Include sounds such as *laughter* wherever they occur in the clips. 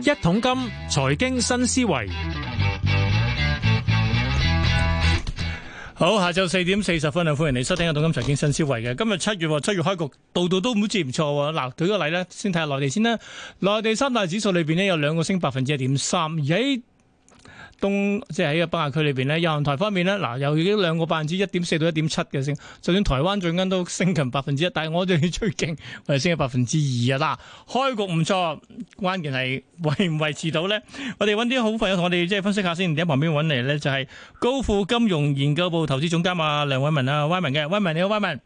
一桶金財經新思維，好，下晝四點四十分啊，歡迎你收聽一《一桶金財經新思維》嘅今日七月七月開局，度度都好似唔錯。嗱，啊，舉個例咧，先睇下內地先啦，內地三大指數裏邊呢，有兩個升百分之一點三，咦？東即係喺個北亞區裏邊咧，亞航台方面咧，嗱又已經兩個百分之一點四到一點七嘅升，就算台灣最近都升近百分之一，但係我哋最勁係升咗百分之二啊！嗱，開局唔錯，關鍵係維唔維持到咧。我哋揾啲好朋友同我哋即係分析一下先，喺旁邊揾嚟咧，就係、是、高富金融研究部投資總監啊，梁偉民啊，偉民嘅偉民，你好，偉民。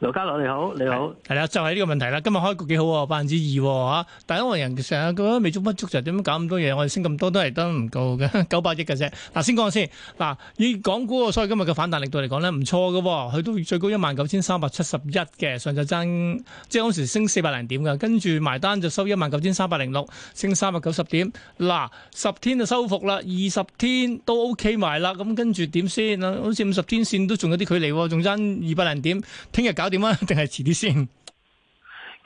劉嘉樂你好，你好，係啦，就係、是、呢個問題啦。今日開局幾好喎，百分之二吓。第一我人成日覺得未足不足，就點解搞咁多嘢？我哋升咁多都係得唔夠嘅，九百億嘅啫。嗱，先講先。嗱、啊，以港股，所以今日嘅反彈力度嚟講咧，唔錯嘅。佢都最高一萬九千三百七十一嘅，上晝爭即係嗰時升四百零點㗎。跟住埋單就收一萬九千三百零六，升三百九十點。嗱、啊，十天就收復啦，二十天都 OK 埋啦。咁跟住點先？好似五十天綫都仲有啲距離，仲爭二百零點。聽日搞。還點啊？定係遲啲先？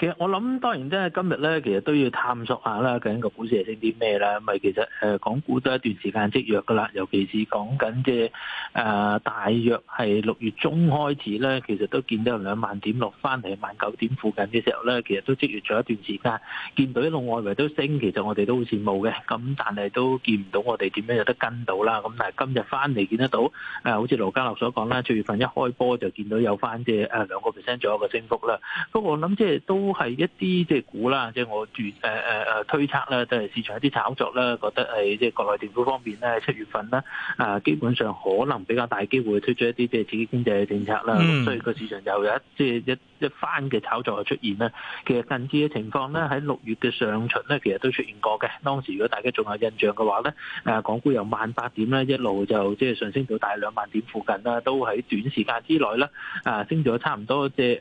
其實我諗，當然即係今日咧，其實都要探索下啦，究竟個股市係升啲咩啦。咪其實誒，港股都一段時間積弱噶啦，尤其是講緊嘅誒，大約係六月中開始咧，其實都見到有兩萬點落翻嚟萬九點附近嘅時候咧，其實都積弱咗一段時間。見到一路外圍都升，其實我哋都好羨慕嘅。咁但係都見唔到我哋點樣有得跟到啦。咁但係今日翻嚟見得到誒，好似盧嘉樂所講啦，七月份一開波就見到有翻嘅誒兩個 percent 左右嘅升幅啦。不過我諗即係都。都係一啲即係股啦，即係我誒誒誒推測啦，即係市場一啲炒作啦，覺得係即係國內政府方面咧，七月份咧，啊基本上可能比較大機會推出一啲即係刺激經濟嘅政策啦，所以個市場又有一即係一一番嘅炒作出現啦。其實近期嘅情況咧，喺六月嘅上旬咧，其實都出現過嘅。當時如果大家仲有印象嘅話咧，誒港股由萬八點咧一路就即係上升到大兩萬點附近啦，都喺短時間之內啦，啊升咗差唔多即係誒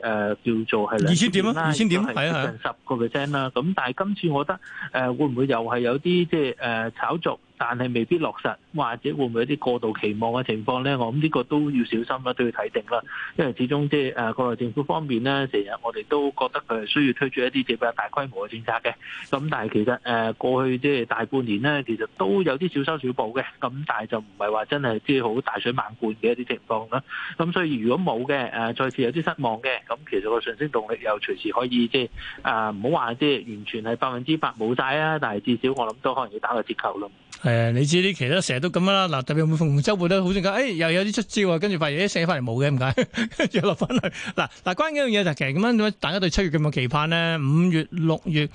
叫做係兩千點啦，二千點。係啊，成十個 percent 啦，咁但係今次我覺得誒、呃、會唔會又係有啲即係誒炒作？但係未必落實，或者會唔會有啲過度期望嘅情況呢？我諗呢個都要小心啦，都要睇定啦。因為始終即係誒國內政府方面呢，成日我哋都覺得佢係需要推出一啲比較大規模嘅政策嘅。咁但係其實誒過去即係大半年呢，其實都有啲小修小補嘅。咁但係就唔係話真係即係好大水漫灌嘅一啲情況啦。咁所以如果冇嘅誒，再次有啲失望嘅，咁其實個上升動力又隨時可以即係誒唔好話即係完全係百分之百冇晒啊！但係至少我諗都可能要打個折扣咯。係，你知啲其他成日都咁啦。嗱，特別每逢週末都好正解。誒、哎，又有啲出招啊，跟住發現啲寫翻嚟冇嘅，唔解，跟住落翻去。嗱嗱，關於呢樣嘢就係其實咁樣，大家對七月咁嘅期盼咧？五月、六月。.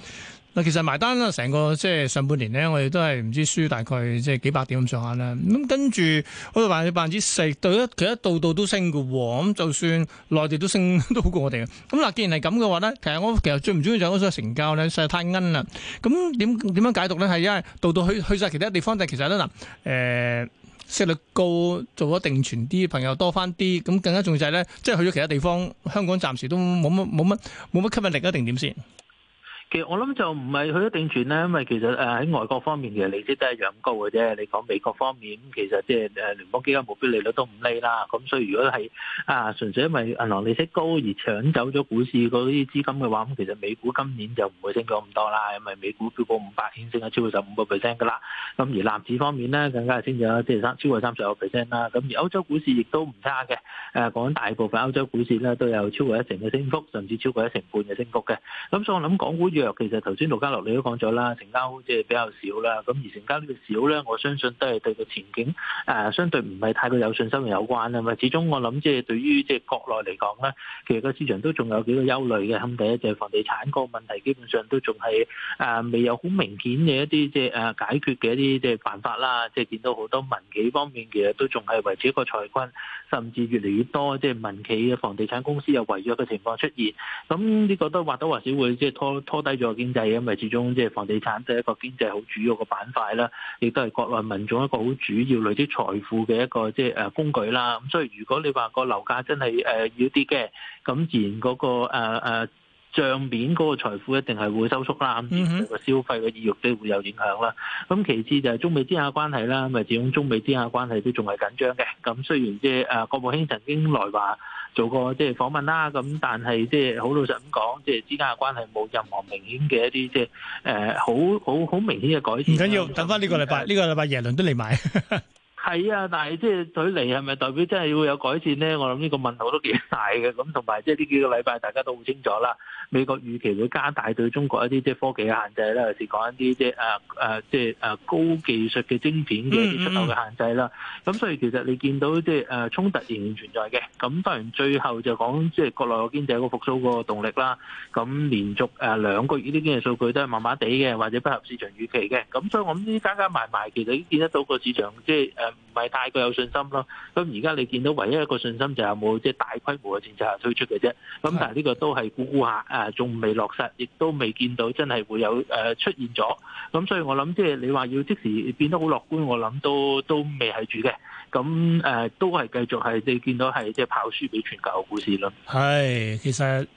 嗱，其實埋單啦，成個即係上半年咧，我哋都係唔知輸大概即係幾百點咁上下啦。咁跟住好似賣百分之四到一，其實一度度都升嘅喎。咁就算內地都升都好過我哋嘅。咁嗱，既然係咁嘅話咧，其實我其實最唔中意就係嗰個成交咧，實在太奀啦。咁點點樣解讀咧？係因為度度去去晒其他地方，但其實咧嗱，誒息率高，做咗定存啲朋友多翻啲。咁更加重要就係咧，即係去咗其他地方，香港暫時都冇乜冇乜冇乜吸引力一定點先？其實我諗就唔係去一定存啦，因為其實誒喺外國方面其實利息都係一樣高嘅啫。你講美國方面，咁其實即係誒聯邦基金目標利率都唔低啦。咁所以如果係啊，純粹因為銀行利息高而搶走咗股市嗰啲資金嘅話，咁其實美股今年就唔會升咗咁多啦。因為美股超過五百點升咗超過十五個 percent 噶啦。咁而納指方面咧，更加係升咗即係三超過三十個 percent 啦。咁而歐洲股市亦都唔差嘅。誒講大部分歐洲股市咧都有超過一成嘅升幅，甚至超過一成半嘅升幅嘅。咁所以我諗港股。其實頭先盧家樂你都講咗啦，成交即係比較少啦，咁而成交呢個少咧，我相信都係對個前景誒，相對唔係太過有信心有關啊嘛。始終我諗即係對於即係國內嚟講咧，其實個市場都仲有幾個憂慮嘅。咁第一就係房地產個問題，基本上都仲係誒未有好明顯嘅一啲即係誒解決嘅一啲即係辦法啦。即係見到好多民企方面其實都仲係維持一個財困，甚至越嚟越多即係民企嘅房地產公司有違約嘅情況出現。咁呢個都或多或少會即係拖拖低咗經濟，因為始終即係房地產都係一個經濟好主要嘅板塊啦，亦都係國內民眾一個好主要累積財富嘅一個即係誒工具啦。咁所以如果你話個樓價真係要跌嘅，咁自然嗰、嗰個誒誒、啊、帳面嗰個財富一定係會收縮啦，咁自然個消費嘅意欲都會有影響啦。咁其次就係中美之下關係啦，因為始終中美之下關係都仲係緊張嘅。咁雖然即係誒國務卿曾經來話。做過即係訪問啦，咁但係即係好老實咁講，即係之間嘅關係冇任何明顯嘅一啲即係誒好好好明顯嘅改善。唔緊要，等翻呢個禮拜，呢個禮拜耶倫都嚟埋。係啊，但係即係佢嚟係咪代表真係會有改善咧？我諗呢個問號都幾大嘅。咁同埋即係呢幾個禮拜大家都好清楚啦。美國預期會加大對中國一啲即係科技嘅限制啦，尤其是講一啲即係誒誒即係誒高技術嘅晶片嘅出口嘅限制啦。咁、嗯嗯嗯、所以其實你見到即係誒衝突仍然存在嘅。咁當然最後就講即係國內經濟個復甦個動力啦。咁連續誒兩個月啲經濟數據都係麻麻地嘅，或者不合市場預期嘅。咁所以我諗呢啲加加埋埋，其實已經見得到個市場即係誒唔係太過有信心咯。咁而家你見到唯一一個信心就係有冇即係大規模嘅政策推出嘅啫。咁但係呢個都係估估下。誒，仲未落實，亦都未見到真係會有誒、呃、出現咗。咁所以我諗，即係你話要即時變得好樂觀，我諗都都未係住嘅。咁誒、呃，都係繼續係你見到係即係跑輸俾全球股市咯。係，其實。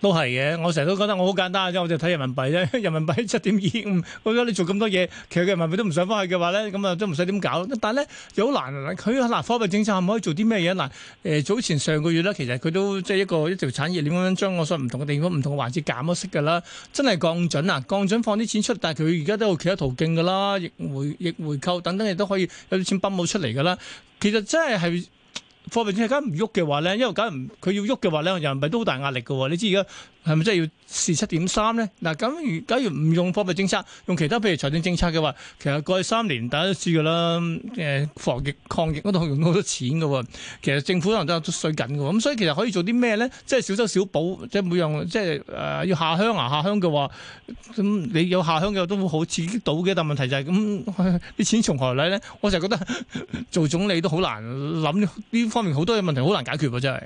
都係嘅，我成日都覺得我好簡單，我就睇人民幣啫。人民幣七點二五，我覺得你做咁多嘢，其實人民幣都唔想翻去嘅話咧，咁啊都唔使點搞。但係咧又好難，佢嗱貨幣政策可唔可以做啲咩嘢？嗱誒，早前上個月咧，其實佢都即係一個一條產業點樣將我所唔同嘅地方、唔同嘅環節減咗息㗎啦。真係降準啊，降準放啲錢出，但係佢而家都有其他途徑㗎啦，逆回逆回購等等亦都可以有啲錢泵冇出嚟㗎啦。其實真係。貨幣政策梗唔喐嘅話咧，因為梗唔佢要喐嘅話咧，又唔係都好大壓力㗎喎。你知而家。係咪真係要四七點三咧？嗱，咁如假如唔用貨幣政策，用其他譬如財政政策嘅話，其實過去三年大家都知噶啦，誒防疫抗疫嗰度用好多錢噶，其實政府可能都有稅緊噶，咁所以其實可以做啲咩咧？即係少收少補，即係每樣即係誒要下鄉啊下鄉嘅話，咁你有下鄉嘅都好刺激到嘅，但問題就係咁啲錢從何嚟咧？我就覺得做總理都好難諗呢方面好多嘢問題好難解決啊！真係。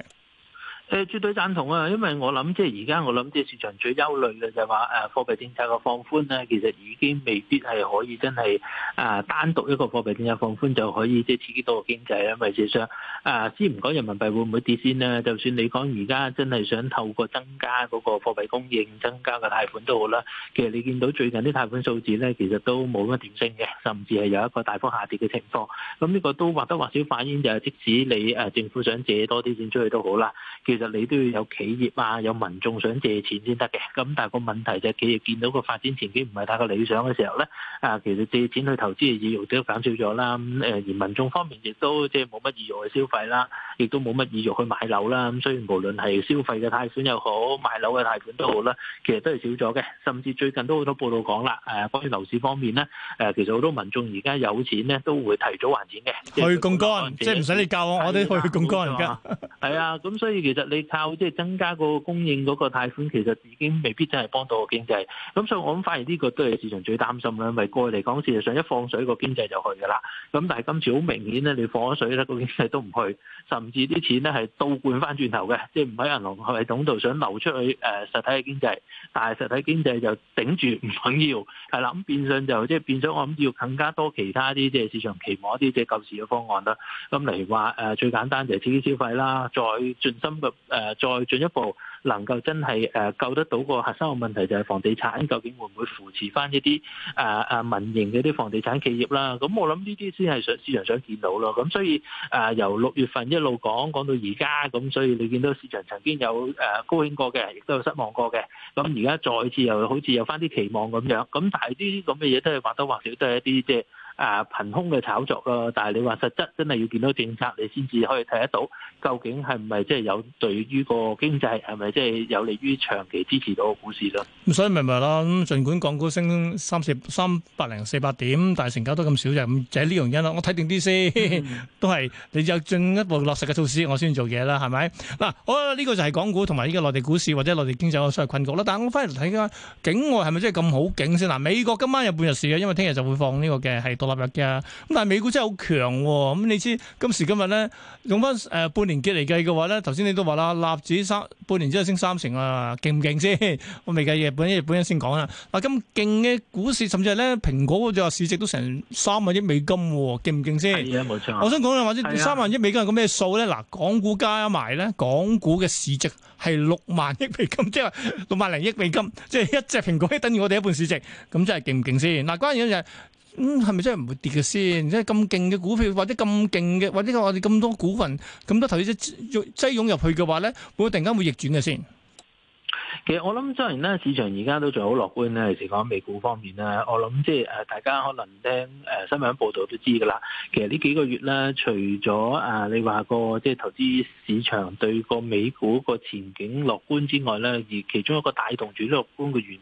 誒，絕對贊同啊！因為我諗，即係而家我諗，即係市場最憂慮嘅就係話誒，貨幣政策嘅放寬咧，其實已經未必係可以真係誒單獨一個貨幣政策放寬就可以即係刺激到個經濟。因為事實上誒先唔講人民幣會唔會跌先啦，就算你講而家真係想透過增加嗰個貨幣供應、增加個貸款都好啦，其實你見到最近啲貸款數字咧，其實都冇乜點升嘅，甚至係有一個大幅下跌嘅情況。咁呢個都或多或少反映就係即使你誒政府想借多啲錢出去都好啦，其實你都要有企業啊，有民眾想借錢先得嘅。咁但係個問題就係，企業見到個發展前景唔係太過理想嘅時候咧，啊，其實借錢去投資嘅意欲都減少咗啦。咁誒，而民眾方面亦都即係冇乜意欲去消費啦，亦都冇乜意欲去買樓啦。咁所以無論係消費嘅貸款又好，買樓嘅貸款都好啦，其實都係少咗嘅。甚至最近都好多報道講啦，誒，關於樓市方面咧，誒，其實好多民眾而家有錢咧都會提早還錢嘅，去槓杆，即係唔使你教我，我哋去槓杆而家。係啊，咁所以其實。你靠即係增加個供應嗰個貸款，其實已經未必真係幫到個經濟。咁所以我諗，反而呢個都係市場最擔心啦，因為過去嚟講，事實上一放水，個經濟就去㗎啦。咁但係今次好明顯咧，你放咗水咧，個經濟都唔去，甚至啲錢咧係倒灌翻轉頭嘅，即係唔喺銀行系統度想流出去誒實體經濟，但係實體經濟就頂住唔肯要。係啦，咁變相就即係、就是、變相，我諗要更加多其他啲即係市場期望一啲即係救市嘅方案啦。咁例如話誒、呃、最簡單就刺激消費啦，再進深誒再進一步能夠真係誒救得到個核心嘅問題，就係房地產究竟會唔會扶持翻一啲誒誒民營嘅啲房地產企業啦？咁我諗呢啲先係想市場想見到咯。咁所以誒由六月份一路講講到而家，咁所以你見到市場曾經有誒高興過嘅，亦都有失望過嘅。咁而家再次又好似有翻啲期望咁樣。咁但係呢啲咁嘅嘢都係或多或少都係一啲即誒憑空嘅炒作咯，但係你話實質真係要見到政策，你先至可以睇得到究竟係唔係即係有對於個經濟係咪即係有利於長期支持到個股市咯？咁所以明唔明咯，咁儘管港股升三四三百零四百點，但係成交都咁少嘅，咁就係呢樣因咯。我睇定啲先，都係你就進一步落實嘅措施，我先做嘢啦，係咪？嗱，好啦，呢個就係港股同埋呢個內地股市或者內地經濟嘅所謂困局啦。但係我翻嚟睇嘅話，境外係咪真係咁好景先啦？美國今晚有半日市嘅，因為聽日就會放呢個嘅係。納入嘅，咁但係美股真係好強，咁你知今時今日咧，用翻誒半年結嚟計嘅話咧，頭先你都話啦，納指三半年只係升三成啊，勁唔勁先？我未計日本日，日本人先講啦。嗱，咁勁嘅股市，甚至係咧蘋果就話市值都成三萬億美金，勁唔勁先？我想講嘅話，即係三萬億美金係個咩數咧？嗱，港股加埋咧，港股嘅市值係六萬億美金，即係六萬零億美金，即係一隻蘋果等於我哋一半市值，咁真係勁唔勁先？嗱，關鍵就係。咁係咪真係唔會跌嘅先？即係咁勁嘅股票，或者咁勁嘅，或者我哋咁多股份、咁多投資者擠湧入去嘅話咧，會唔會突然間會逆轉嘅先？其實我諗，雖然咧市場而家都仲好樂觀咧，尤其是講美股方面咧，我諗即係誒，大家可能聽誒新聞報道都知噶啦。其實呢幾個月咧，除咗啊，你話個即係投資市場對個美股個前景樂觀之外咧，而其中一個帶動住樂觀嘅原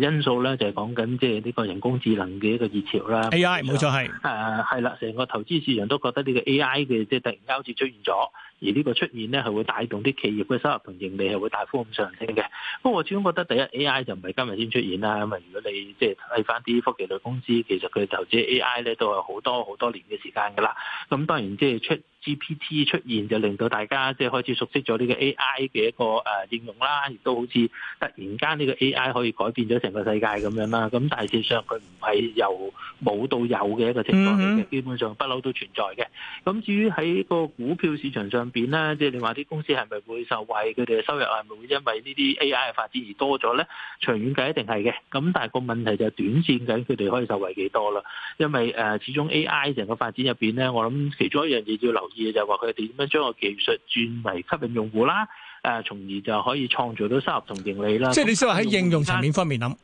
誒因素咧，就係講緊即係呢個人工智能嘅一個熱潮啦。A.I. 冇錯係誒係啦，成個投資市場都覺得呢個 A.I. 嘅即係突然交接出現咗，而呢個出現咧係會帶動啲企業嘅收入同盈利係會大幅咁上升嘅。不過我始終覺得第一，AI 就唔係今日先出現啦，咁啊如果你即係睇翻啲科技類公司，其實佢投資 AI 咧都係好多好多年嘅時間噶啦，咁當然即係出。GPT 出現就令到大家即係開始熟悉咗呢個 AI 嘅一個誒應用啦，亦都好似突然間呢個 AI 可以改變咗成個世界咁樣啦。咁但係事實上佢唔係由冇到有嘅一個情況嚟嘅，基本上不嬲都存在嘅。咁至於喺個股票市場上面咧，即係你話啲公司係咪會受惠？佢哋嘅收入係咪會因為呢啲 AI 嘅發展而多咗咧？長遠計一定係嘅。咁但係個問題就係短線緊佢哋可以受惠幾多啦。因為誒始終 AI 成個發展入面咧，我諗其中一樣嘢要留。二就係話佢哋點樣將個技術轉為吸引用戶啦，誒，從而就可以創造到收入同盈利啦。即係你先話喺應用層面方面諗。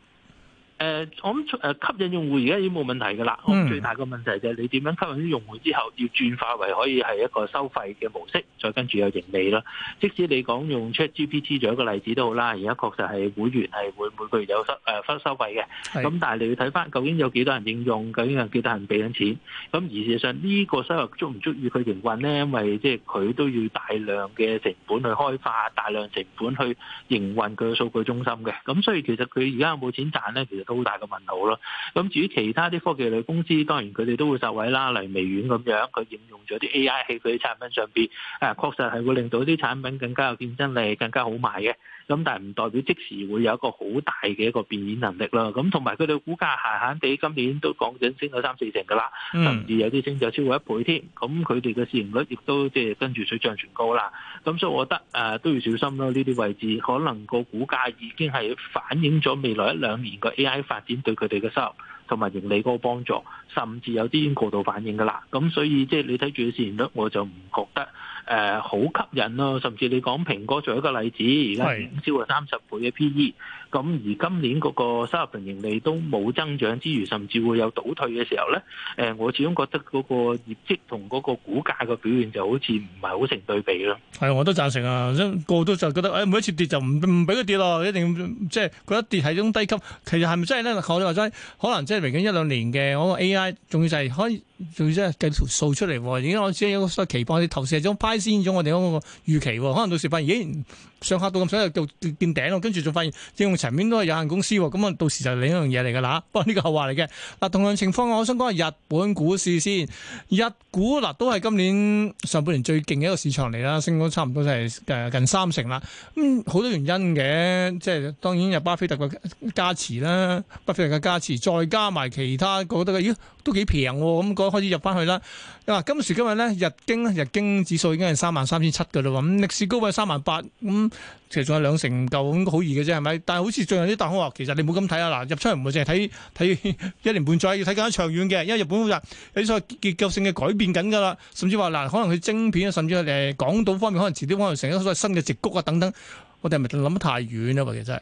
誒、uh,，我諗吸引用戶而家已經冇問題㗎啦。我、mm. 最大個問題就係你點樣吸引啲用戶之後，要轉化為可以係一個收費嘅模式，再跟住又盈利啦。即使你講用 Chat GPT 做一個例子都好啦，而家確實係會員係會每,每,每個月有收誒收費嘅。咁但係你要睇翻究竟有幾多人應用，究竟有幾多人俾緊錢。咁而事實上呢、呢個收入足唔足以佢營運咧？因為即係佢都要大量嘅成本去開發，大量成本去營運佢嘅數據中心嘅。咁所以其實佢而家有冇錢賺咧？其實好大嘅問號咯，咁至於其他啲科技類公司，當然佢哋都會受惠啦，例如微軟咁樣，佢應用咗啲 AI 喺佢啲產品上邊，誒確實係會令到啲產品更加有競爭力，更加好賣嘅。咁但係唔代表即時會有一個好大嘅一個變現能力啦。咁同埋佢哋股價閒閒地今年都講緊升咗三四成㗎啦，甚至有啲升咗超過一倍添。咁佢哋嘅市盈率亦都即係跟住水漲船高啦。咁所以我覺得誒、呃、都要小心咯。呢啲位置可能個股價已經係反映咗未來一兩年個 AI 發展對佢哋嘅收入同埋盈利嗰個幫助，甚至有啲已經過度反應㗎啦。咁所以即係你睇住個市盈率，我就唔覺得。誒、呃、好吸引咯，甚至你講蘋果做一個例子，而家超過啊，三十倍嘅 PE。咁而今年嗰個收入同盈利都冇增長之餘，甚至會有倒退嘅時候咧，誒，我始終覺得嗰個業績同嗰個股價嘅表現就好似唔係好成對比咯。係，我都贊成啊！個個都就覺得、哎、每一次跌就唔唔俾佢跌咯，一定即係、就是、覺得跌係種低級。其實係咪真係咧？我哋話齋，可能即係明僅一兩年嘅我、嗰個、AI，仲要就係可以，仲要即係計條數出嚟。已經個我知有啲期貨啲投射咗、派先咗我哋嗰個預期，可能到時發現。上下到咁上又到見頂咯，跟住仲發現應用層面都係有限公司，咁啊到時就另一樣嘢嚟噶啦，不過呢個後話嚟嘅。嗱，同樣情況我想講下日本股市先，日股嗱、啊、都係今年上半年最勁嘅一個市場嚟啦，升咗差唔多就係近三成啦。咁、嗯、好多原因嘅，即係當然有巴菲特嘅加持啦，巴菲特嘅加持，再加埋其他覺得咦？都幾平喎，咁嗰開始入翻去啦。嗱，今時今日咧，日經日經指數已經係三萬三千七嘅啦，咁歷史高位三萬八，咁其實仲有兩成唔夠，咁好易嘅啫，係咪？但係好似最近啲大行話，其實你冇咁睇啊，嗱，入出唔會淨係睇睇一年半載，要睇更加長遠嘅，因為日本其實有啲結構性嘅改變緊㗎啦，甚至話嗱，可能佢晶片啊，甚至係港島方面，可能遲啲可能成一個所謂新嘅矽谷啊等等，我哋係咪諗得太遠咧？話其實。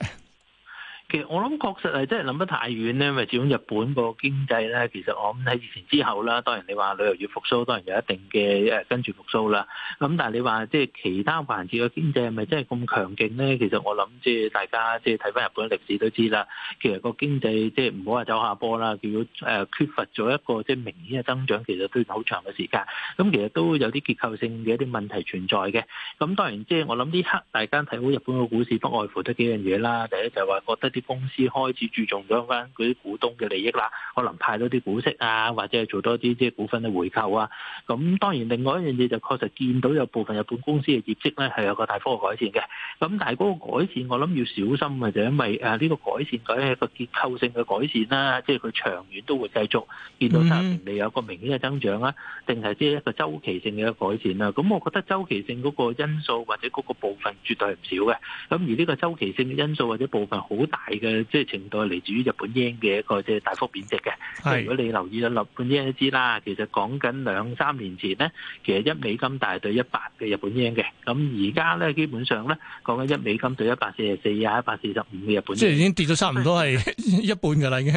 我諗確實係真係諗得太遠咧，咪始終日本個經濟呢？其實我諗喺疫情之後啦，當然你話旅遊業復蘇，當然有一定嘅誒跟住復甦啦。咁但係你話即係其他環節嘅經濟係咪真係咁強勁呢？其實我諗即係大家即係睇翻日本歷史都知啦，其實個經濟即係唔好話走下坡啦，叫做缺乏咗一個即係明顯嘅增長，其實都好長嘅時間，咁其實都有啲結構性嘅一啲問題存在嘅。咁當然即係我諗呢刻大家睇好日本個股市，不外乎得幾樣嘢啦。第一就係話覺得啲。公司開始注重咗翻嗰啲股東嘅利益啦，可能派多啲股息啊，或者係做多啲即係股份嘅回購啊。咁當然另外一樣嘢就確實見到有部分日本公司嘅業績咧係有個大幅嘅改善嘅。咁但係嗰個改善我諗要小心嘅，就因為誒呢個改善佢係一個結構性嘅改善啦，即係佢長遠都會繼續見到三成利有個明顯嘅增長啦，定係即係一個周期性嘅一個改善啦。咁我覺得周期性嗰個因素或者嗰個部分絕對唔少嘅。咁而呢個周期性嘅因素或者部分好大。係嘅，即係程度係嚟自於日圓嘅一個即係大幅貶值嘅。如果你留意咗日圓都知啦，其實講緊兩三年前咧，其實一美金大對一百嘅日圓嘅，咁而家咧基本上咧講緊一美金對一百四十四啊，一百四十五嘅日圓。即係已經跌咗差唔多係一半嘅啦已經。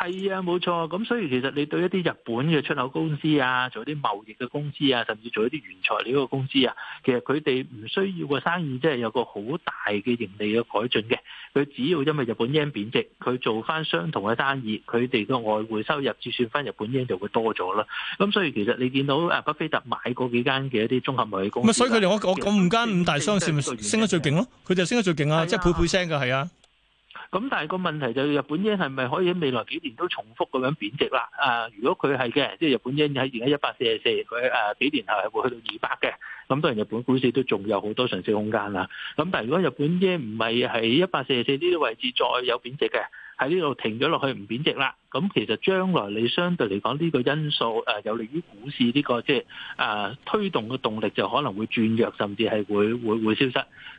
係啊，冇錯。咁所以其實你對一啲日本嘅出口公司啊，做一啲貿易嘅公司啊，甚至做一啲原材料嘅公司啊，其實佢哋唔需要個生意，即係有個好大嘅盈利嘅改進嘅。佢只要因為日本 yen 貶值，佢做翻相同嘅生意，佢哋個外匯收入折算翻日本 yen 就會多咗啦。咁所以其實你見到啊，巴菲特買嗰幾間嘅一啲綜合貿易公司，所以佢哋我我講五間五大商社咪升得最勁咯，佢就、啊、升得最勁啊，即係倍倍聲㗎係啊。咁但係個問題就係日本耶係咪可以喺未來幾年都重複咁樣貶值啦？啊，如果佢係嘅，即係日本耶喺而家一百四十四，佢誒幾年後係會去到二百嘅，咁當然日本股市都仲有好多上升空間啦。咁但係如果日本耶唔係喺一百四十四呢啲位置再有貶值嘅，喺呢度停咗落去唔貶值啦。咁其實將來你相對嚟講呢個因素，誒有利於股市呢、這個即係、就是啊、推動嘅動力，就可能會轉弱，甚至係會會會消失。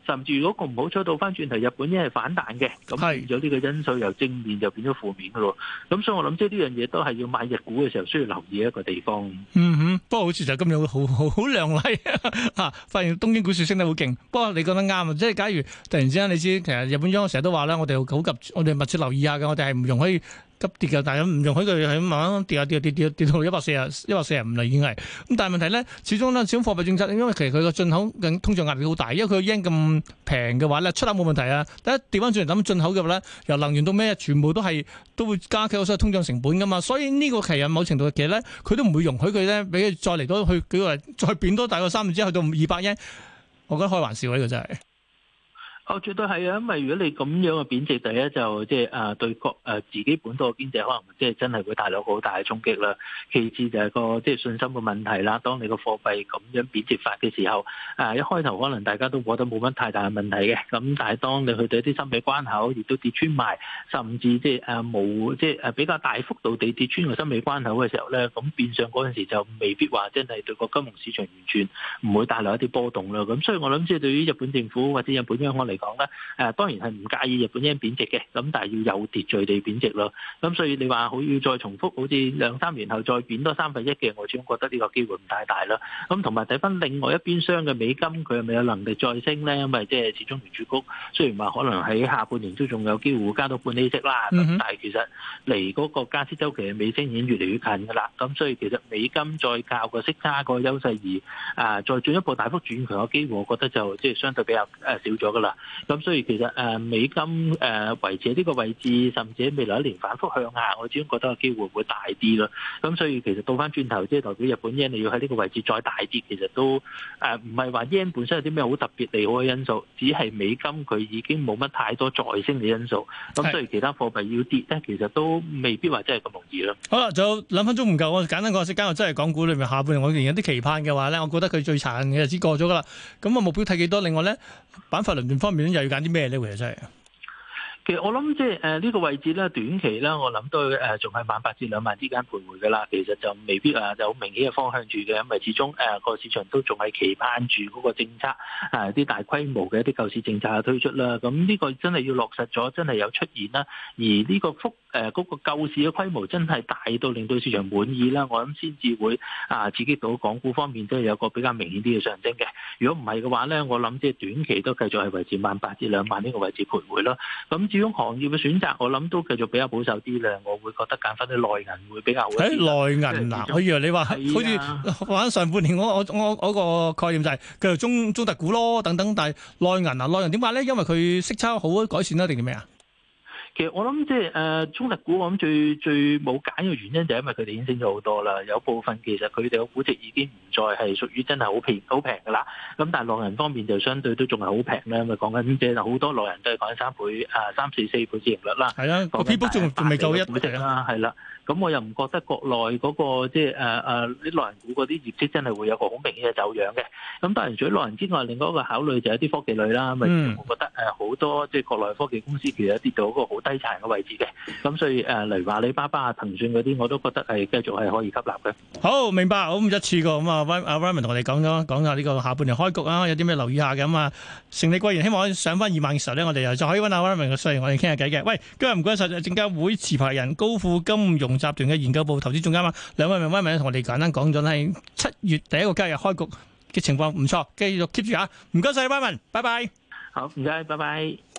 甚至如果個唔好彩倒翻轉頭，日本已係反彈嘅，咁變咗呢個因素由正面就變咗負面噶咯。咁所以我諗即係呢樣嘢都係要買日股嘅時候需要留意一個地方。嗯哼，不過好似就今日好好好靚麗啊！嚇， *laughs* 發現東京股市升得好勁。不過你講得啱啊，即係假如突然之間你知，其實日本央行成日都話咧，我哋好急，我哋密切留意下嘅，我哋係唔容許。急跌嘅，但係唔容許佢係咁慢慢跌下跌下跌跌，跌跌跌到一百四十一百四十五啦，已經係咁。但係問題咧，始終呢小貨幣政策，因為其實佢個進口嘅通脹壓力好大，因為佢個 yen 咁平嘅話咧，出口冇問題啊。但係掉返轉嚟諗進口嘅話咧，由能源到咩，全部都係都會加起，所以通脹成本噶嘛。所以呢個期啊，某程度其實咧，佢都唔會容許佢咧，俾佢再嚟到去叫做再貶多大概三五之後去到二百 yen，我覺得開玩笑呢、啊這個真係。我、哦、絕對係啊，因為如果你咁樣嘅貶值，第一就即係啊對國誒、呃、自己本土嘅經濟可能即係真係會帶來好大嘅衝擊啦。其次就係個即係、即係、信心嘅問題啦。當你個貨幣咁樣貶值法嘅時候，誒、啊、一開頭可能大家都覺得冇乜太大嘅問題嘅。咁但係當你去到一啲心理關口，亦都跌穿埋，甚至即係誒無即係誒比較大幅度地跌穿個心理關口嘅時候咧，咁變相嗰陣時就未必話真係對個金融市場完全唔會帶來一啲波動啦。咁所以我諗即係對於日本政府或者日本央行嚟嚟講咧，誒當然係唔介意日本 yen 貶值嘅，咁但係要有秩序地貶值咯。咁所以你話好要再重複，好似兩三年後再貶多三分一嘅，我始終覺得呢個機會唔太大啦。咁同埋睇翻另外一邊廂嘅美金，佢係咪有能力再升咧？因為即係始終聯儲局雖然話可能喺下半年都仲有機會加到半息息啦半厘息啦，但係其實離嗰個加息週期嘅尾聲已經越嚟越近噶啦。咁所以其實美金再靠個息差個優勢而誒再進一步大幅轉強嘅機會，我覺得就即係相對比較誒少咗噶啦。咁所以其實誒美金誒維持喺呢個位置，甚至未來一年反覆向下，我始終覺得個機會會大啲咯。咁所以其實倒翻轉頭，即係代表日本 yen 你要喺呢個位置再大啲，其實都誒唔係話 yen 本身有啲咩好特別利好嘅因素，只係美金佢已經冇乜太多再升嘅因素。咁所以其他貨幣要跌，但其實都未必話真係咁容易咯。好啦，仲有兩分鐘唔夠，我簡單我講下先。今真係港股裏面下半年我仍然有啲期盼嘅話咧，我覺得佢最殘嘅日子過咗㗎啦。咁啊目標睇幾多？另外咧，板塊輪轉方面咧又要揀啲咩咧？其實真係。其實我諗即係誒呢個位置咧，短期咧，我諗都誒仲係萬八至兩萬之間徘徊嘅啦。其實就未必誒有明顯嘅方向住嘅，因為始終誒個市場都仲係期盼住嗰個政策啊，啲大規模嘅一啲救市政策嘅推出啦。咁呢個真係要落實咗，真係有出現啦。而呢個幅誒嗰個救市嘅規模真係大到令到市場滿意啦，我諗先至會啊刺激到港股方面都係、即係、有個比較明顯啲嘅上升嘅。如果唔係嘅話咧，我諗即係短期都繼續係維持萬八至兩萬呢個位置徘徊咯。咁始終行業嘅選擇，我諗都繼續比較保守啲咧。我會覺得揀翻啲內銀會比較好。欸內銀啊，我以為你話、啊、好似玩上半年我，我我我我個概念就係繼續中中特股咯等等。但係內銀啊，內銀點解咧？因為佢息差好改善啦，定係咩啊？其實我諗即係誒中特估股，我諗最最冇揀嘅原因就係因為佢哋已經升咗好多啦。有部分其實佢哋嘅估值已經唔再係屬於真係好平好平嘅啦。咁但係內銀方面就相對都仲係好平咧，咁咪講緊即好多內銀都係講緊三倍誒、啊、三四四倍市盈率啦。係啊，個 P/B 仲仲未夠一估值啦，係啦、啊。咁、啊啊啊嗯啊、我又唔覺得國內嗰、那個即係誒誒啲內銀股嗰啲業績真係會有個好明顯嘅走樣嘅。咁但係除咗內銀之外，另外一個考慮就係啲科技類啦，因為我覺得誒好多即係、就是、國內科技公司其實跌到一,一個好低殘嘅位置嘅，咁所以誒，例如阿里巴巴啊、騰訊嗰啲，我都覺得係繼續係可以吸納嘅。好，明白，好唔一次過咁啊，阿 Raymond 同我哋講咗，講下呢個下半年開局啊，有啲咩留意下咁啊。盛利貴元希望上翻二萬嘅時候咧，我哋又就可以揾阿 Raymond 同我哋傾下偈嘅。喂，今日唔該晒，證監會持牌人高富金融集團嘅研究部投資總監啊，兩位明 Raymond 同我哋簡單講咗啦，係七月第一個交易日開局嘅情況唔錯，繼續 keep 住嚇。唔該曬 Raymond，拜拜。好，唔該，拜拜。